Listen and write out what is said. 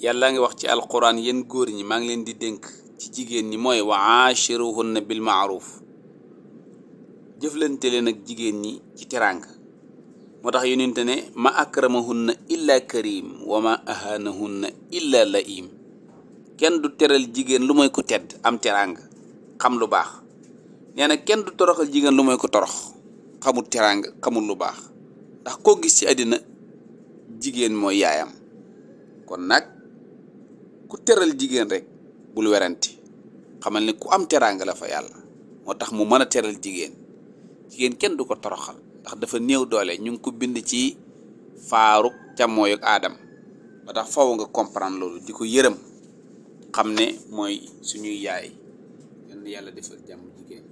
yàlla ngi wax ci alquran yéen góor ñi maa ngi leen di dénk ci jigéen ñi mooy waa wa aachiruhunna bil maaruf jëflante leen ak jigéen ñi ci teraanga moo tax yonente ne ma akramahunna illa karim wa ma ahanahunna illa laim kenn du teral jigéen lu mooy ko tedd am teraanga xam lu baax nee kenn du toroxal jigéen lu mooy ko torox xamul teraanga xamul lu baax ndax koo gis ci àddina jigéen mooy yaayam kon nag tëral jigéen rek bul weranti xamal ne ku am teraanga la fa yàlla moo tax mu mën a teral jigéen jigéen kenn du ko toroxal ndax dafa néew doole ñu ngi ko bind ci faaruk càmmooy ak aadam ba tax faw nga comprendre loolu di ko yërëm xam ne mooy suñuy yaay yal na yàlla defal jàmm jigéen